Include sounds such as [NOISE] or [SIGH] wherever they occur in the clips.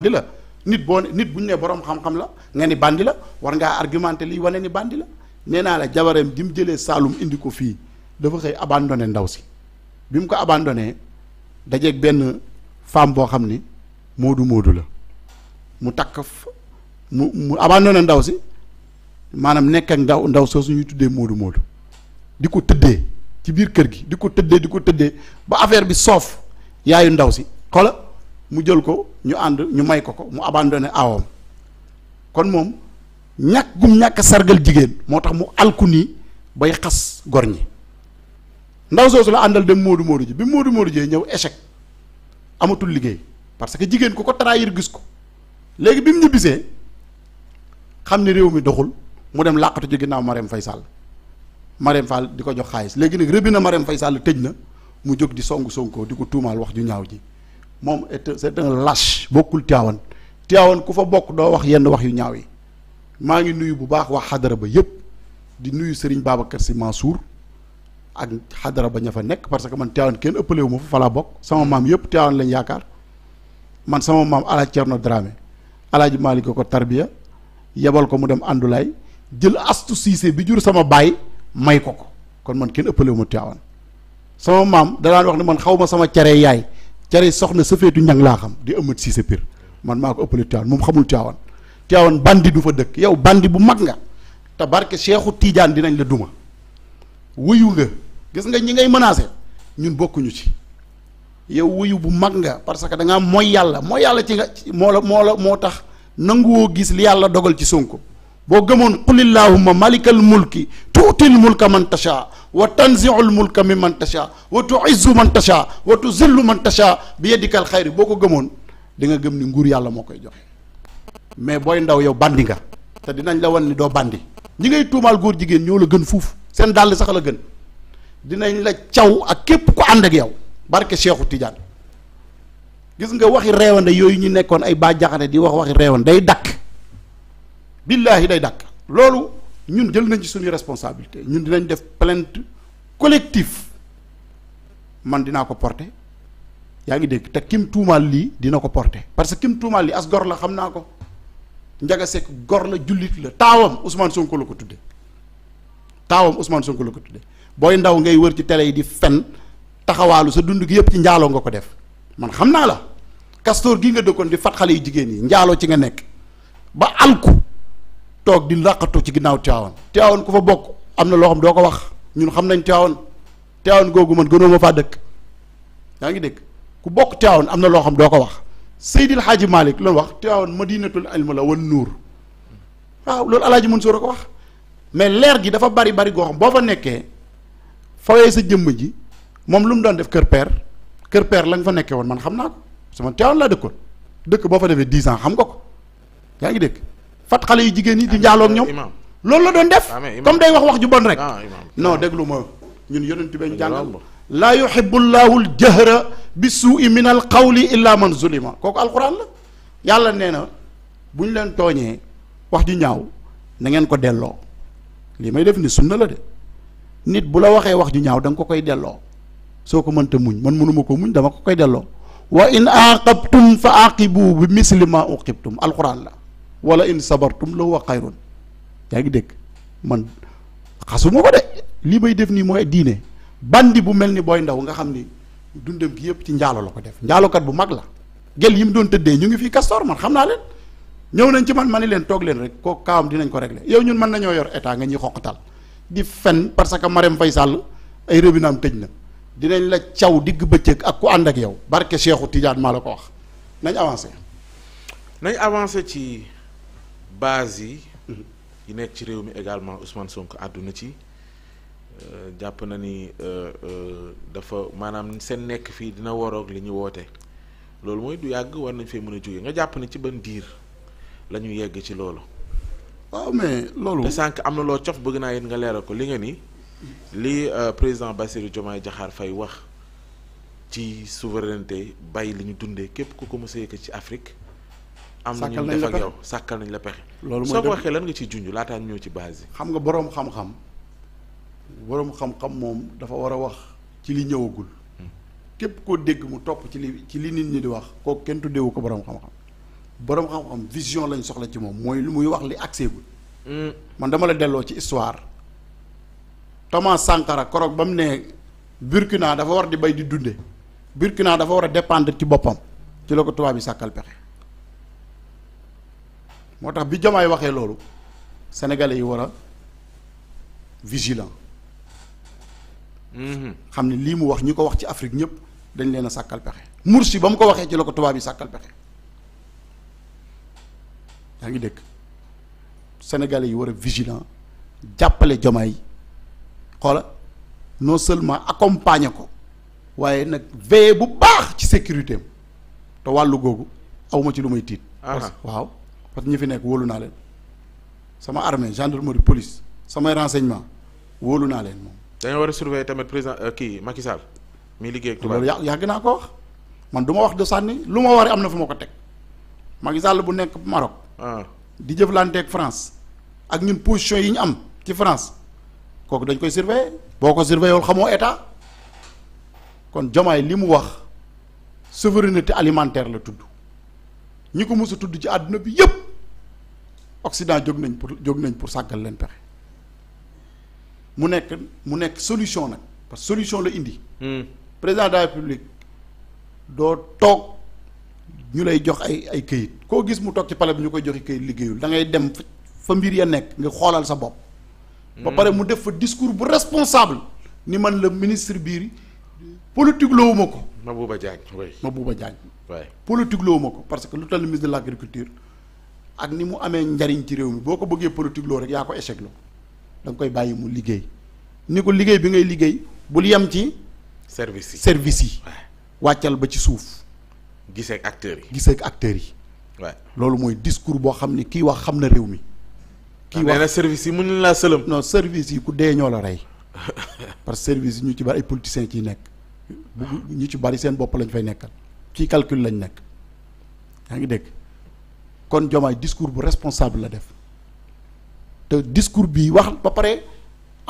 bandi la nit boo nit bu ñu nee boroom xam-xam la nga ni bandi la war ngaa argumenté liy wane ni bandi la nee naa la jabaram ji mu jëlee Saalum indi ko fii dafa xëy abandonné ndaw si bi mu ko abandonné dajeeg benn femme boo xam ni moodu moodu la mu takk mu mu abandonné ndaw si maanaam nekk ak ndaw ndaw soosu ñuy tuddee moodu moodu di ko tëddee ci biir kër gi di ko tëddee di ko tëddee ba affaire bi soof yaayu ndaw si xoola mu jël ko ñu ànd ñu may ko ko mu abandonné aawam kon moom ñàkk gum ñàkk sargal jigéen moo tax mu alku nii bay xas gor ñi ndaw soosu la àndal dem Modou Modou ji bi Modou Modou jee ñëw échec amatul liggéey parce que jigéen ko ko trahir gis ko léegi bi mu ñibbisee xam ne réew mi doxul mu dem làqatu ci ginnaaw Marème fay Sall Marème Fall di ko jox xaalis léegi nag rëbbi na Marème fay Sall tëj na mu jóg di song songu Sonko di ko tuumaal wax ju ñaaw ji moom c'est un lâche bokkul Tivaouane Tivaouane ku fa bokk doo wax yenn wax yu ñaaw yi maa ngi nuyu bu baax wax xadara ba yëpp di nuyu Serigne Babacar Sy suur ak xadara ba ña fa nekk parce que man Tivaouane kenn ëppale wu ma fa fa laa bokk sama maam yëpp Tivaouane lañ yaakaar man sama maam alaaj Cerno drame alaaji Malick ko tarbiya yebal ko mu dem àndulaay jël astu siise bi jur sama baay may ko ko kon man kenn ëppale wu ma Tivaouane sama maam da wax ne man xaw ma sama cere yaay cere soxna safeetu ñang laa xam di ëmmat si sa pir man maa ko ëppale Tiwaawan moom xamul Tiwaawan Tiwaawan bandi du fa dëkk yow bandi bu mag nga te barke Seexu Tiijaan dinañ la duma wuyu nga gis nga ñi ngay menacé ñun bokkuñu ci yow wuyu bu mag nga parce que da ngaa mooy yàlla mooy yàlla ci nga moo la moo tax nanguwoo gis li yàlla dogal ci sunk boo gëmoon qul illahumma malikal mulki tuutil mulka man tasha wa tanziul mulka mi man tasha wa tuizzu man tasha wa tuzillu man tasha bi yadikal boo ko gëmoon di nga gëm ni nguur yàlla moo koy joxe mais booy ndaw yow bandi nga te dinañ la wan ni doo bandi ñi ngay tuumaal góor jigéen ñoo la gën fuuf seen dàll sax la gën dinañ la caw ak képp ku ànd ak yow barke Seexu Tijaan gis nga waxi reewande yooyu ñu nekkoon ay baa jaxane di wax waxi reewande day dakk billaahi day dakk loolu ñun jël nañ ci suñuy responsabilité ñun dinañ def plainte collectif man dinaa ko porté yaa ngi dégg te kim tuumaal lii dina ko porté parce que kim tuumaal lii as gor la xam naa ko Ndiaga Seck gor la jullit la taawam Ousmane Sonko la ko tuddee taawam Ousmane Sonko la ko tuddee booy ndaw ngay wër ci télé yi di fen taxawaalu sa dund gi yëpp ci njaaloo nga ko def man xam naa la castor gi nga dëkkoon di fat xale yu jigéen yi njaaloo ci nga nekk ba alku toog di làqatu ci ginnaaw Tiwaawan Tiwaawan ku fa bokk am na loo xam doo ko wax ñun xam nañ Tiwaawan Tiwaawan googu man gënoo ma faa dëkk yaa ngi dëkk ku bokk Tiwaawan am na loo xam doo ko wax la Hadji Malick loolu wax Tiwaawan madinatul ilm la wan nuur waaw loolu alaaji Mansour a ko wax mais leer gi dafa bari bari goo xam boo fa nekkee fawee sa jëmm ji moom lu mu doon def kër père kër père la fa nekkee woon man xam naa ko sama Tiwaawan laa dëkkoon dëkk boo fa defee dix ans xam nga ko yaa ngi dégg fat xale yu jigéen yi di njaaloog ñoom loolu la doon def comme day wax wax ju bon rek ah, non déglu ma ñun yonent bi ñu jàngal laa yuhibbu llaahu ljahra bi suui min al qawli illa man zulima kooku alquran la yàlla nee na bu ñu leen tooñee wax ju ñaaw na ngeen ko delloo li may def ni sunna la de nit bu la waxee wax ju ñaaw danga ko koy delloo soo ko mënta muñ man mënuma ko muñ dama ko koy delloo wa in aaqabtum fa aaqibu bi misli ma uqibtum alquran la wala in sabartum la huwa xayrun yaa ngi dégg man xasuma ko de lii may def nii mooy diine bandi bu mel ni booy ndaw nga xam ni dundam gi yëpp ci njaalo la ko def njaalokat bu mag la gel yi mu doon tëddee ñu ngi fii Castor man xam naa leen ñëw nañ ci man ma ni leen toog leen rek kooku kaawam dinañ ko régler yow ñun mën nañoo yor état nga ñuy xoqatal di fen parce que Marème Faye Sall ay rébinaam tëj na dinañ la caw digg bëccëg ak ku ànd ak yow barke Cheikhou Tidiane maa la ko wax nañ avancé nañ avancé ci base yi. Mhm. yi nekk ci réew mi également Ousmane Sonko àdduna ci euh, jàpp na ni euh, euh, dafa maanaam seen nekk fii dina waroog li ñu woote loolu mooy du yàgg war nañ fee mën a jóge nga jàpp ne ci ban diir la ñu yegg ci loolu. waaw mais loolu. te sànq am na loo cof bëgg naa yéen nga leeral ko li nga ni li président Bassirou Diomaye Diakhar fay wax ci souveraineté bàyyi li ñu dundee képp ku ko mos a ci Afrique. am na ñu sàkkal nañ la pexe loolu mooy ko waxee lan nga ci junj laataan ñëw ci base yi xam nga boroom xam-xam boroom xam-xam moom dafa war a wax ci li ñëwagul hmm. képp koo dégg mu topp ci li ci li nit ñi di wax kooku kenn tuddeewu ko boroom xam-xam boroom xam-xam lañ soxla ci moom mooy lu muy wax li agseegul hmm. man dama la delloo ci histoire Thomas Sankara koroog ba mu ne Burkina dafa war di bay di dunde naa dafa war a dépendre ci boppam ci la ko tubaab yi sàkkal pexe moo tax bi Diomaye waxee loolu sénégalais yi wara a vigilant mhm. xam ne lii mu wax ñi ko wax ci Afrique ñëpp dañ leen a sàkkal pexe Mursi ba mu ko waxee ci la ko tubaab yi sàkkal pexe yaa ngi dégg sénégalais yi war a vigilant jàppale Diomaye xoola non seulement accompagner ko waaye nag veiller bu baax ci sécurité te wàllu googu awma ci lu may tiit waaw parce que ñu fi nekk wóolu naa leen sama armée gendarmerie police samay renseignement wóolu naa leen moom. dañoo war a surveiller tamit président euh, kii Macky Sall. mi liggéey ak yàgg naa ko man du ma wax de sànni lu ma war am na fu ma ko teg Macky Sall bu nekk Maroc. Ah. di jëflanteeg France ak ñun position yi ñu am ci France kooku dañ koy surveiller boo ko surveiller wul xamoo état kon Diomaye li mu wax souverinité alimentaire la tudd. ñi ko mos a tudd ci àdduna bi yëpp oxident jóg nañ pour jóg nañ pour sàggal leen pexe mu nekk mu nekk solution nag parce que solution la indi. Hmm. président de la république doo toog ñu lay jox ay ay këyit koo gis mu toog ci pale bi ñu koy joxi këyit liggéeyul da ngay dem fa mbir ya nekk nga xoolal sa bopp. ba hmm. pare mu def fa discours bu responsable ni man la ministre biir politique lowuma ko. Mabouba Diagne ma Mabouba Diagne. politique loo ma ko parce que lu toll ministre l' agriculture ak ni mu amee njariñ ci réew mi boo ko bëggee politique loo rek yaa ko échec loo da nga koy bàyyi mu liggéey ni ko liggéey bi ngay liggéey bul yem ci service yi service yi wàccal ba ci suuf gisee ak acteurs yi gisee acteurs yi waaw loolu mooy discours boo xam ni kii wax xam na réew mi ki ah, wax nee service yi mën laa sëlëm non service yi ku dee ñoo la rey [LAUGHS] parce que service yi ñu ci bari ay politiciens ciy nekk ñu ci bari seen bopp lañ fay nekkal ci calcule lañ nekk yaa ngi dégg kon Diomaye discours bu responsable la def te discours bii wax ba pare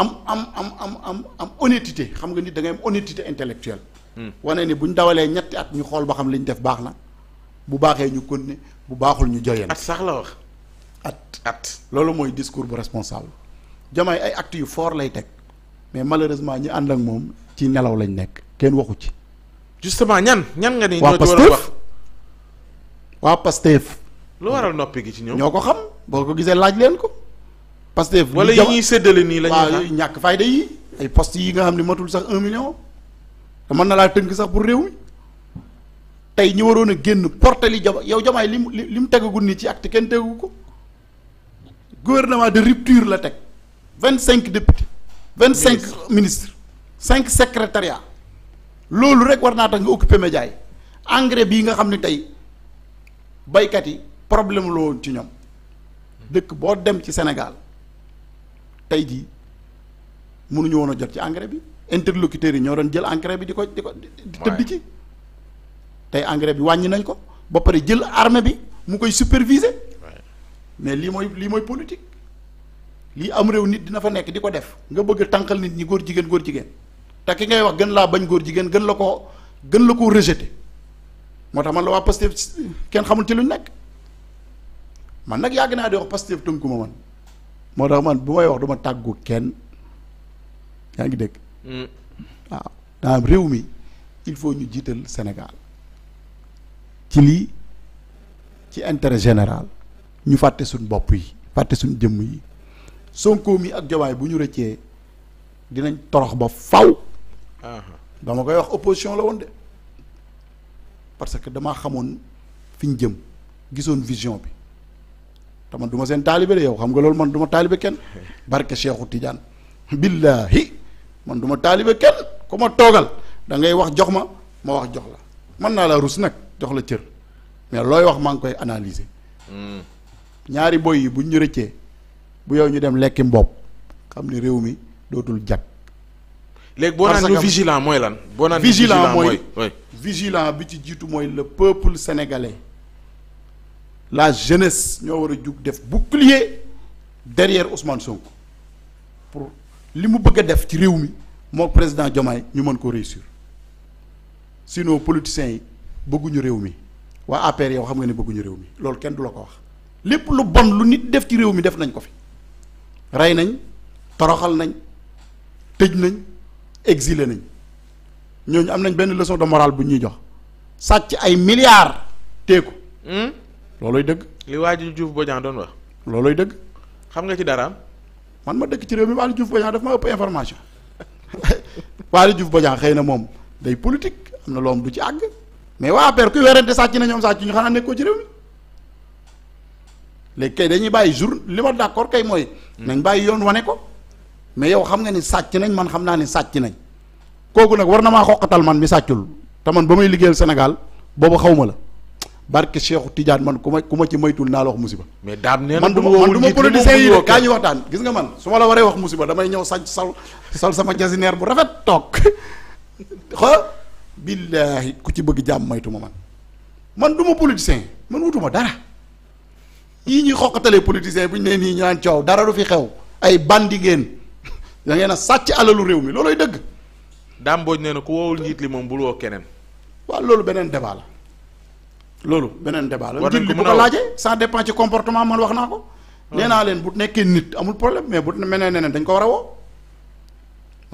am am am am am am honnêteté xam nga nit da ngay am honnêteté intellectuelle hmm. wane ne bu ñu dawalee ñetti at ñu xool ba xam li ñu def baax na bu baaxee ñu kon ne bu baaxul ñu joyeen at sax la wax at at loolu mooy discours bu responsable Diomaye ay actes yu fort lay teg mais malheureusement ñi ànd ak moom ci nelaw lañ nekk kenn waxu ci justement ñan ñan nga ni. ñoo ci war a wax waa Pastef lu waral noppi gi ci ñoom. ñoo ko xam boo ko gisee laaj leen ko. Pastef wala yi ñuy séddale nii la ñuy ñàkk fayda yi ay poste yi nga xam ne matul sax un million. te mën na laa tënk sax pour réew mi tey ñu waroon a génn porté li jama yow jamaay li mu li mu tegagul nii ci acte kenn tegu ko gouvernement de rupture la teg vingt cinq députés vingt cinq ministre cinq secrétariats loolu rek war naa tax nga occuper média engrais bii nga xam ni tey baykat yi problème la woon ci ñoom dëkk boo dem ci Sénégal tey jii mënuñu woon a jot ci engrais bi interlocuteurs yi ñoo doon jël engrais bi di ko di ko di tëdd ci tey engrais bi wàññi nañ ko ba pare jël arme bi mu koy superviser mais lii mooy lii mooy politique lii am réew nit dina fa nekk di ko def nga bëgg a nit ñi góor jigéen góor jigéen te ki ngay wax gën laa bañ góor jigéen gën la ko gën la ko rejeté moo tax man la waa Pastef kenn xamul ci luñ nekk man nag yàgg naa di wax Pastef tënku ma man moo tax man bu may wax du tàggu kenn yaa ngi dégg. Mm. waaw daanam réew mi il faut ñu jiital Sénégal ci lii ci intérêt général ñu fàtte suñ bopp yi fàtte suñ jëmm yi Sonko mi ak Diomaye bu ñu rëccee dinañ torox ba faw dama koy wax opposition la woon de parce que damaa xamoon fi ñu jëm gisoon vision bi te man du ma seen taalibe de yow xam nga loolu man duma ma taalibe kenn [LAUGHS] barke Cheikhou Tidiane billahi man du ma taalibe kenn ku ma toogal da ngay wax jox ma ma wax jox la mën naa la rus nag jox la cër mais looy wax maa ngi koy analyser hmm. ñaari boy yi buñ ñu rëccee bu yow ñu dem lekki mbopp xam ni réew mi dootul jag léegi boo naan ñu vigilant mooy lan. boo naan vigilant mooy vigilant bi ci jiitu mooy le peuple sénégalais la jeunesse ñoo war a jug def bouclier derrière Ousmane Sonko pour li mu bëgg a def ci réew mi moo président Diomaye ñu mën ko réussir sinon politiciens yi bëgguñu réew mi waa APR yow xam nga ne bëgguñu réew mi loolu kenn du la ko wax lépp lu bon lu nit def ci réew mi def nañ ko fi rey nañ toroxal nañ tëj nañ. exilé nañ ñooñu am nañ benn leçon de morale bu ñuy jox sàcc ay milliards teeku. Hmm? loolooy dëgg. li waa ji Diouf Bodian doon wax. loolooy dëgg. xam nga ci daraam. man ma dëkk ci réew mi Waly Diouf Bodian daf ma ëpp information [LAUGHS] Waly Diouf Bodian xëy na moom day politique am na loom du ci àgg mais waa APR ku werante sàcc na ñoom sàcc ñu xanaa nekkoo ci réew mi léegi kay dañuy bàyyi jour li ma d'accord kay mooy. Hmm. nañ bàyyi yoon wane ko. mais yow xam nga ni sàcc nañ man xam naa ni sàcc nañ kooku nag war na maa xoqatal man mi sàccul te man ba may liggéeyal Sénégal boobu xaw ma la barke Cheikhu Tidiane man ku ma ku ma ci maytul naa la wax musiba. mais daam nee man du ma man du ma politicien yi de kaa ñuy nga man su ma la waree wax musiba damay ñëw sañ sal sal sama jasineer bu rafet toog [LAUGHS] xool ci bëgg jàmm maytu ma man man du ma politicien man wutuma dara yii ñuy xoqatalee politicien bu ñu nee nii ñu naan coow dara du fi xew ay bandi ngeen. da ngeen a sàcc alalu réew mi looloy dëgg. Dame Mbodj nee na ku wowul njiit li moom bul woo keneen. waaw loolu beneen débat la loolu beneen débat la. njiit li bu ko laajee ça dépend ci comportement man wax naa ko. Ah. nee naa leen bu nekkee nit amul problème mais bu mel ne dañ ko war a woo.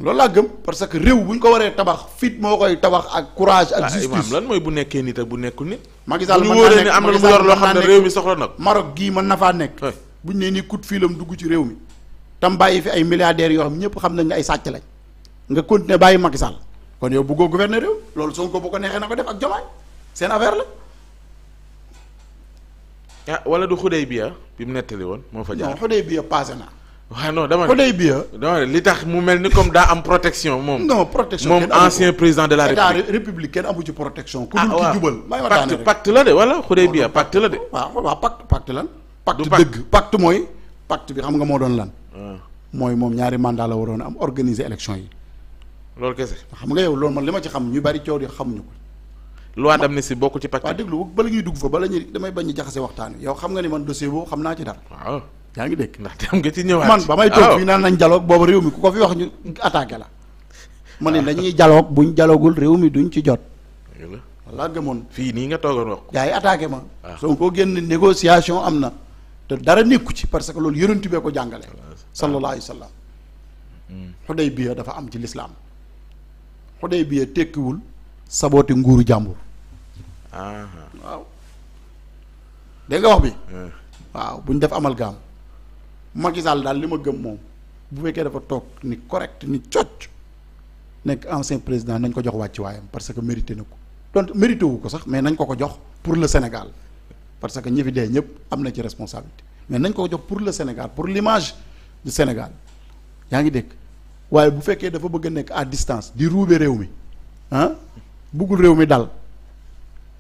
loolu laa gëm parce que réew bu ñu ko waree tabax fit moo koy tabax ak courage ak ah, justice lan mooy bu nekkee nit ak bu nekkul nit. Macky Sall mën naa nekk am na loo xam ne réew mi soxla na ko. gii mën na faa nekk. buñ nee nii coup de fil am dugg ci réew mi. tam bàyyi fi ay milliardaires yoo xam ñëpp xam nañ ne ay sàcc lañ nga continuer bàyyi Macky Sall kon yow bëggoo gouverner réew loolu Sonko bu ko neexee na ko def ak Diomaye seen affaire la. ah wala du xudey bi bi mu nettali woon moo fa jaar non xudey na. waaw non dama xudey li tax mu mel ni comme daa am protection moom. non protection moom ancien président de la. république république kenn amu ci protection. ku ah, dul ci jubal may waxtaanee la de wala xudey bi pacte la de. waaw waaw pacte pacte lan. pacte dëgg mooy. pacte bi xam nga moo doon lan. Ah. mooy moom ñaari mandat la waroon am organiser élection yi. loolu kese. xam nga yow loolu man li ma ci xam ñu bari coow yi xamuñu ko. loi d'amnistie bokkul ci pacte. waaw déglu bala ñuy dugg fa bala ñuy damay bañ a jaxase waxtaan xam nga ni man dossier boobu xam naa ci dara. man ba may toog fii naan nañ dialogue boobu réew mi ku ko fi wax ñu attaqué la. ma ne dañuy dialogue buñ dialoguul réew mi duñ ci jot. wala gëmoon. fii nii nga toogoon wax. yaa ngi attaqué ma. Ah. soo ko génn négociation am na. te dara nekku ci parce que loolu yonent bee ko jàngale sallallahu alayhi wa sallam Xudaybiya dafa am ci lislaam Xudaybiya tekkiwul sabooti nguuru jàmbur waaw dégg nga wax bi eh. waaw bu ñu def amalgame Macky Sall daal li ma gëm moom bu fekkee dafa toog ni correct ni cocc nekk ancien président nañ ko jox wàcc waayam parce que mérité na ko donc mérité wu ko sax mais nañ ko ko jox pour le Sénégal parce que ñi fi dee ñëpp am na ci responsabilité mais nañ ko jox pour le Sénégal pour l'image du Sénégal yaa ngi dégg waaye bu fekkee dafa bëgg a nekk à distance di ruube réew mi ah, buggul réew mi dal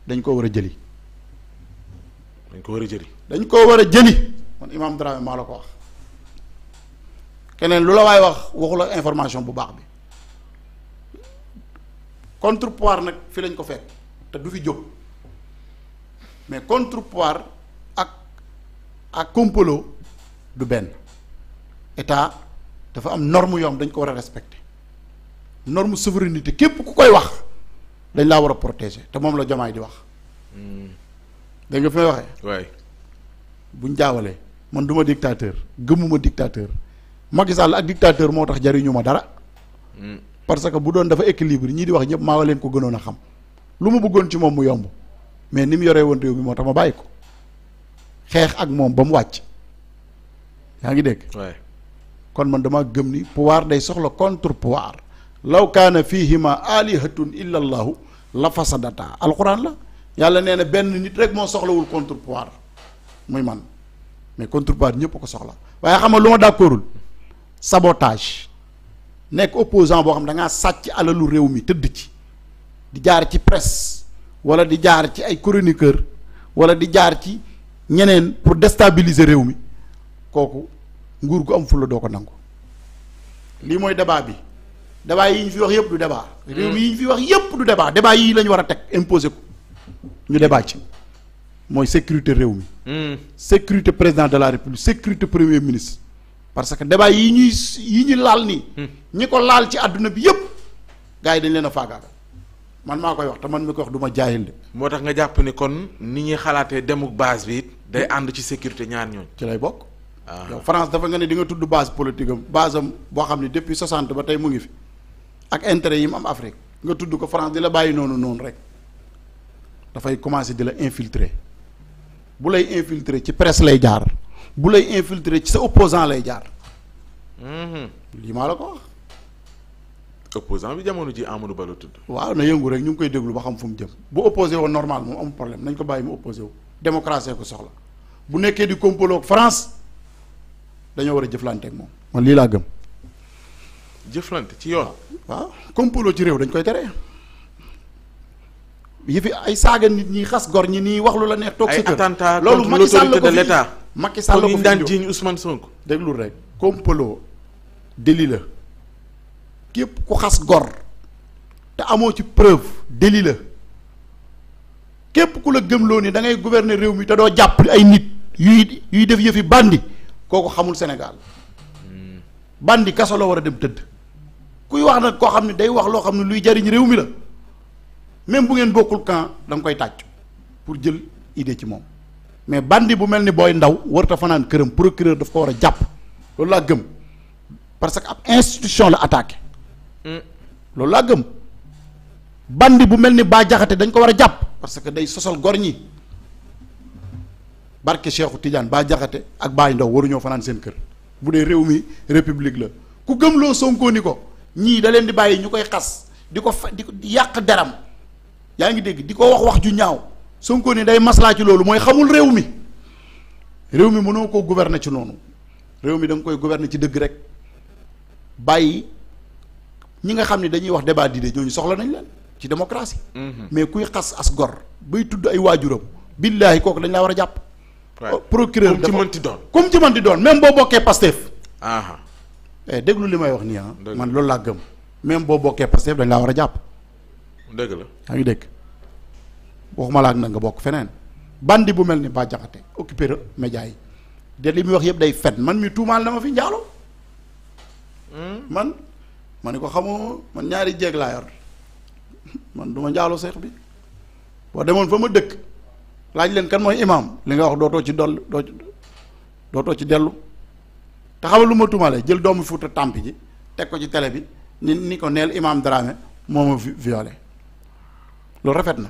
dañ ko war a jëli. dañ ko war a jëli. dañ ko war a jëli man Imam Dramé maa la ko wax keneen lu la waay wax waxula information bu baax bi contre contrepoids nag fi lañ ko fekk te du fi jóg. mais contre poir ak ak complot du benn état dafa am norme yoo dañ ko war a respecter norme souveraineté képp ku koy wax dañ laa war a protéger te moom la Diomaye di wax. Hmm. dégg nga fi may waxee. waay buñ jaawalee man du ma dictateur gëmuma dictateur Macky Sall ak dictateur moo tax jariñu ma dara. Hmm. parce que bu doon dafa équilibre ñii di wax ñëpp maa leen ko gënoon a xam lu ma bëggoon ci moom mu yomb. mais ni mu yoree woon réew mi moo tax ma bàyyi ko xeex ak moom ba mu wàcc yaa ngi dégg kon man dama gëm ni pouvoir day soxla contre pouvoir law kaana fihima alihatun illa allahu la fasadata alquran la yàlla nee na benn nit rek moo soxlawul contre pouvoir muy man mais contre pouvoir ñëpp ko soxla waaye xam nga lu ma d'accordul sabotage nekk opposant boo xam da ngaa sàcc alalu réew mi tëdd ci di jaar ci presse wala di jaar ci ay chroniqueur wala di jaar ci ñeneen pour déstabiliser réew mi kooku nguur gu am fulla doo ko nangu lii mooy débat bi débat yi ñu fi wax yëpp du débat réew mi yi ñu fi wax yëpp du débat débat yii la war a teg imposé ko ñu débat ci mooy sécurité réew mi hmm. sécurité président de la république sécurité premier ministre parce que débat yi ñuy yi ñu laal ni hmm. ñi ko laal ci àdduna bi yëpp gars yi dañ leen a faagaaga man maa koy wax te man mi ko wax du ma jaayil de. moo tax nga jàpp ni kon ni ñuy xalaatee dem base bi it day ànd ci sécurité ñaar ñooñ ci lay bokk. Ah. yow France dafa nga ne di nga tudd base politique am base boo xam ne depuis 60 ba tey mu ngi fi ak intérêt yi mu am Afrique nga tudd ko France di la bàyyi noonu noonu rek dafay commencer di la infiltrer bu lay infiltre ci presse lay jaar bu lay infiltrer ci sa opposant lay jaar. Mhm. lii maa la ko wax. opposant bi jamono ji Amadou Ba la tudd. waaw na yëngu rek ñu ngi koy déglu ba xam fu mu jëm bu opposé woon normal moom amul problème nañ ko bàyyi mu opposé wu démocratie ko soxla bu nekkee di complot ak France dañoo war a jëflante moom man lii laa gëm. jëflante ci yoon. waaw complot ci réew dañ koy tere. yi fi ay saaga nit ñi xas gor ñi nii wax lu la neex. toog sa kër ay attentat contre l'autorité de l'État loolu Macky Sall la ko fi Macky Sall la ko fi daan jiiñ Ousmane Sonko. déglul rek complot délit képp ku xas gor te amoo ci preuve délit la képp ku la gëmloo ni da ngay gouverner réew mi te doo jàpp ay nit yuy yuy def yëfi bandi kooku xamul Sénégal hmm. bandi kaso la war a dem tëdd kuy wax nag koo xam ne day wax loo xam ne luy jariñ réew mi la même bu ngeen bokkul camp da koy tàcc pour jël idée ci moom mais bandi bu mel ni booy ndaw warta fanaan këram procureur daf ko war a jàpp loolu laa gëm parce que ab institution la attaqué loolu laa gëm bandi bu mel ni baa Diakhaté dañ ko war a jàpp parce que day sosal gor ñi barke Cheikhou Tidiane Bah Diakhaté ak Baye Ndaw waruñoo fanaan seen kër bu dee réew mi république la ku gëmloo Sonko ni ko ñii da leen di bàyyi ñu koy xas di ko fa yàq deram yaa ngi dégg di ko wax wax ju ñaaw Sonko ni day maslaa ci loolu mooy xamul réew mi réew mi mënoo ko gouverner ci noonu réew mi da koy guverne ci dëgg rek bàyyi ñi nga xam ne dañuy wax débat d'idées ñooñu soxla nañ leen ci démocratie. Mhm. mais kuy xas as gor bay tudd ay waajuram billaahi kooku dañ laa war a jàpp. Oh, procureur dafa comme ci mënti doon. comme ci mënti doon même boo bokkee Pastef. Ah. Eh, déglu li may wax nii ah. man loolu laa gëm. même boo bokkee Pastef dañ laa war a jàpp. dëgg la yaa ngi dégg waxuma la ak nag nga bokk feneen. bandi bu mel ni Bah Diakhaté occupé la média yi de li muy wax yëpp day fen man mi tuumaal na fi njaalo hmm? man ma ne ko xamoo man ñaari jeeg laa [LAUGHS] man du ma njaaloo seex bi boo demoon fa ma dëkk laaj leen kan mooy imaam li nga wax doo dootoo ci doll doo dootoo ci dellu te xamal lu ma tumalee jël doomu Fuuta tàmp ji teg ko ci tele bi ni ni ko neel imaam Dramé moo ma violé loolu rafet na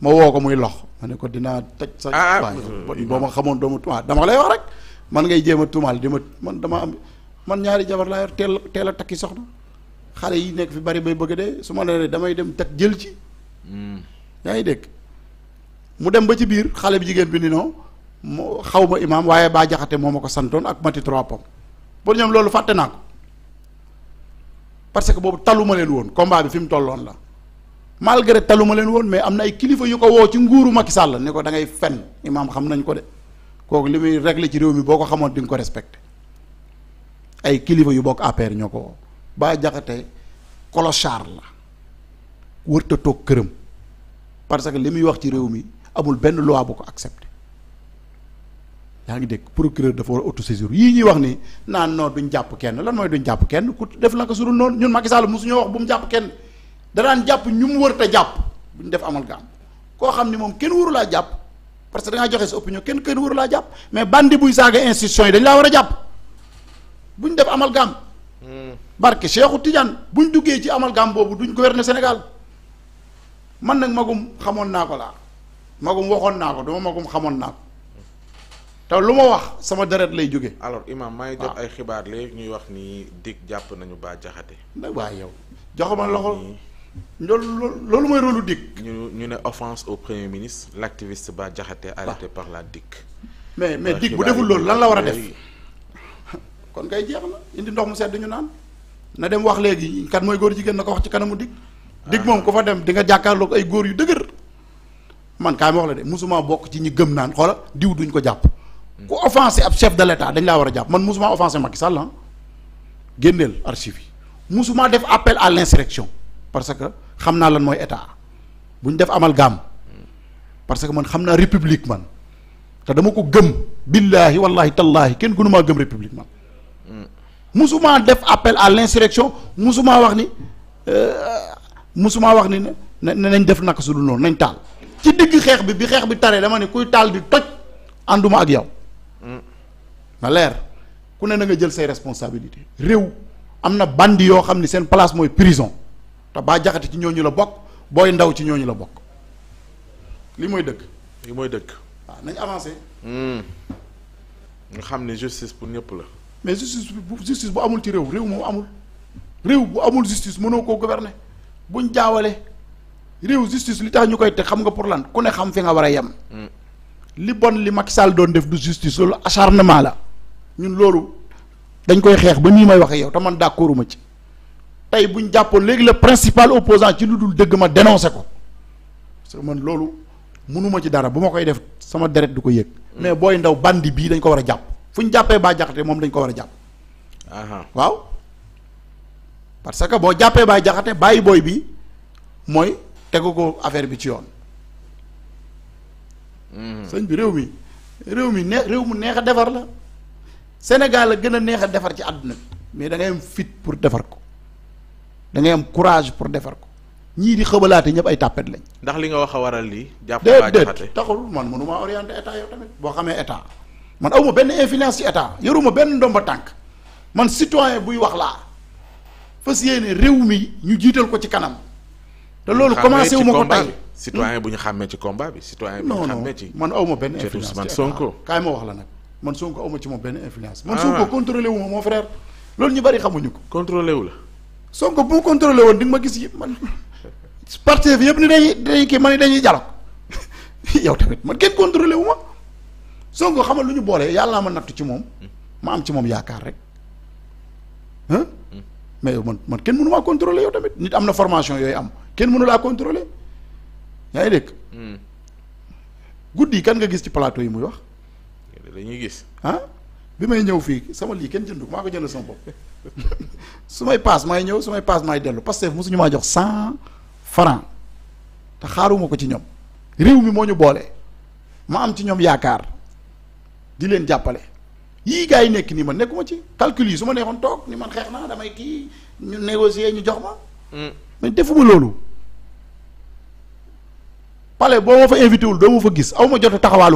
ma woo ko muy lox ma ne ko dinaa teg sa ah, ah. waay boo ma xamoon doomu tumaal dama lay wax rek man ngay jéema a tumaal di ma man dama am man ñaari jabar laa yor teel teel a takki soxna xale yi nekk fi bari bay bëgg de su ma nee damay dem takk jël ci. Hmm. yaa ngi dégg mu dem ba ci biir xale bi jigéen bi ni noo mu xaw ma imaam waaye baa jaxate moo ma ko santoon ak mati trois pom pour ñoom loolu fàtte naa ko parce que boobu taluma leen woon combat bi fi mu tolloon la malgré taluma leen woon mais am na ay kilifa yu ko woo ci nguuru Macky Sall ni ko da ngay fen imaam xam nañ ko de kooku li muy régler ci réew mi boo ko xamoon di nga ko respecté. ay kilifa yu bokk APR ñoo ko woo Bah Diakhaté clochard la wërta toog këram parce que li muy wax ci réew mi amul benn loi bu ko accepté yaa ngi dégg procureur dafa war a autosaisir yii ñuy wax ni naan non duñ jàpp kenn lan mooy duñ jàpp kenn ku def la ko sudul noonu ñun Macky Sall mosuñoo wax bu mu jàpp kenn danaan jàpp ñu mu wër te jàpp ñu def amal gaam koo xam ni moom kenn warulaa jàpp parce que da ngaa joxe sa opinion kenn kenn warulaa jàpp mais bandi buy saaga institution yi dañ laa war a jàpp bu buñ def barki barke Cheikhou bu ñu duggee ci amalgame boobu duñ gouverner Sénégal mën nag magum xamoon naa ko laa magum waxoon naa ko dama magum xamoon naa ko te lu ma wax sama deret lay jóge alors imam maa ngi jot ah. ay xibaar léegi ñuy wax ni dig jàpp nañu Bah Diakhaté. nag waaye yow jox ma loxo. loolu loolu mooy rolu dikk ñu ñu ne offense au premier ministre l' activiste Bah Diakhaté arrêté ah. par la DIC. mais mais DIC bu deful loolu lan la war a def. kon kay jeex na indi ndox mu sedd ñu naan na dem wax léegi kat mooy góor jigéen na ko wax ci kanamu dig dig ah. moom ku fa dem di nga jàkkaarloog ay góor yu dëgër man kaay ma wax la de musuma bokk ci ñi gëm naan xoola diw duñ ko jàpp hmm. ku offensé ab chef de l'état dañ laa war a jàpp man musuma offensé Macky Sall ah génneel archive musuma def appel à l'insurrection parce que xam naa lan mooy état bu ñu def amal amalgame parce que man xam naa république man te dama ko gëm billaahi wallahi tallaahi kenn gënumaa gëm république man musuma def appel à l'insurrection musuma wax ni euh, musuma wax ni ne nañ def naka su dul noonu nañ taal ci digg xeex bi bi xeex bi taree dama ne kuy taal di toj ànduma ak yow na leer ku ne na nga jël say responsabilité réew am na bandi yoo xam ne seen place mooy prison te baa jaxati ci ñooñu la bokk booy ndaw ci ñooñu la bokk li mooy dëkk li mooy dëkk waa nañ avancé. Hmm. nga xam ne justice pour ñëpp la mais justice bu justice bu amul ci réew réew mu amul réew bu amul justice mënoo koo gouverner buñ jaawale réew justice li tax ñu koy teg xam nga pour lan ku ne xam fi nga war a yem. Hmm. li bon li Macky Sall doon def du justice loolu acharnement la ñun loolu dañ koy xeex ba nii may waxee yow te man d'accorduma ci tey buñ jàppoon léegi le principal opposant ci lu dul dëgg ma dénoncé ko parce que man loolu mënuma ci dara bu ma koy def sama deret du ko yëg. Hmm. mais booy ndaw bandi bii dañ ko war a jàpp. fu ñu jàppee baa Diakhaté moom lañ ko war a jàpp. waaw parce que boo jàppee Bah Diakhaté bàyyi booy bi mooy tegu ko affaire bi ci yoon. Hmm. sëñ bi réew mi réew mi ne réew mu neex a defar la Sénégal a gën a neex a defar ci àdduna bi mais da ngay am fit pour defar ko da ngay am courage pour defar ko ñii di xëbalaate ñëpp ay tàppet lañ. ndax li nga wax a waral lii. jàpp Bah Diakhaté déedéet taxul man mënuma orienté état yow tamit boo xamee état. man awma benn influence ci état yoruma benn ndomba tànk man citoyen buy wax laa fas yéene réew mi ñu jiital ko ci kanam te loolu commencé wu ma ko tey bu ñu xàmmee ci combat bi citoyen bu ñu xàmmee ci man awma benn influence man Sonko kaay ma wax la nag man Sonko awma ci ma benn influence man ah. Sonko contrôlé wu ma mon frère loolu ñu bari xamuñu ko contrôlé wu soo ko bu contrôlé woon di nga ma gis man parti bi yëpp ni dañuy dañuy kii man ni dañuy dialogue [LAUGHS] yow tamit man kenn contrôlé wu ma Sonko xamal lu ñu boole yàlla ma nattu ci moom ma am ci moom yaakaar rek mais yow man man kenn mënu maa contrôler yow tamit nit am na formation yooyu am kenn mënu laa contrôler yaa ngi dégg. Hmm. guddi kan nga gis ci plateau yi muy wax. dañuy gis ah bi may ñëw fii sama lii kenn jënd ko maa ko jënd sama bopp [LAUGHS] su may paas maay ñëw su may paas maay dellu parce que mosuñu maa jox cent franc te xaaruma ko ci ñoom réew mi moo ñu boole ma am ci ñoom yaakaar. di leen jàppale yii gars yi nekk nii man nekkuma ci calcul yi su ma neexoon toog ni man xeex naa damay kii ñu négocier ñu jox ma. Hmm. mais defuma loolu. pale boo ma fa invité wul doo ma fa gis aw ma jot a taxawaalu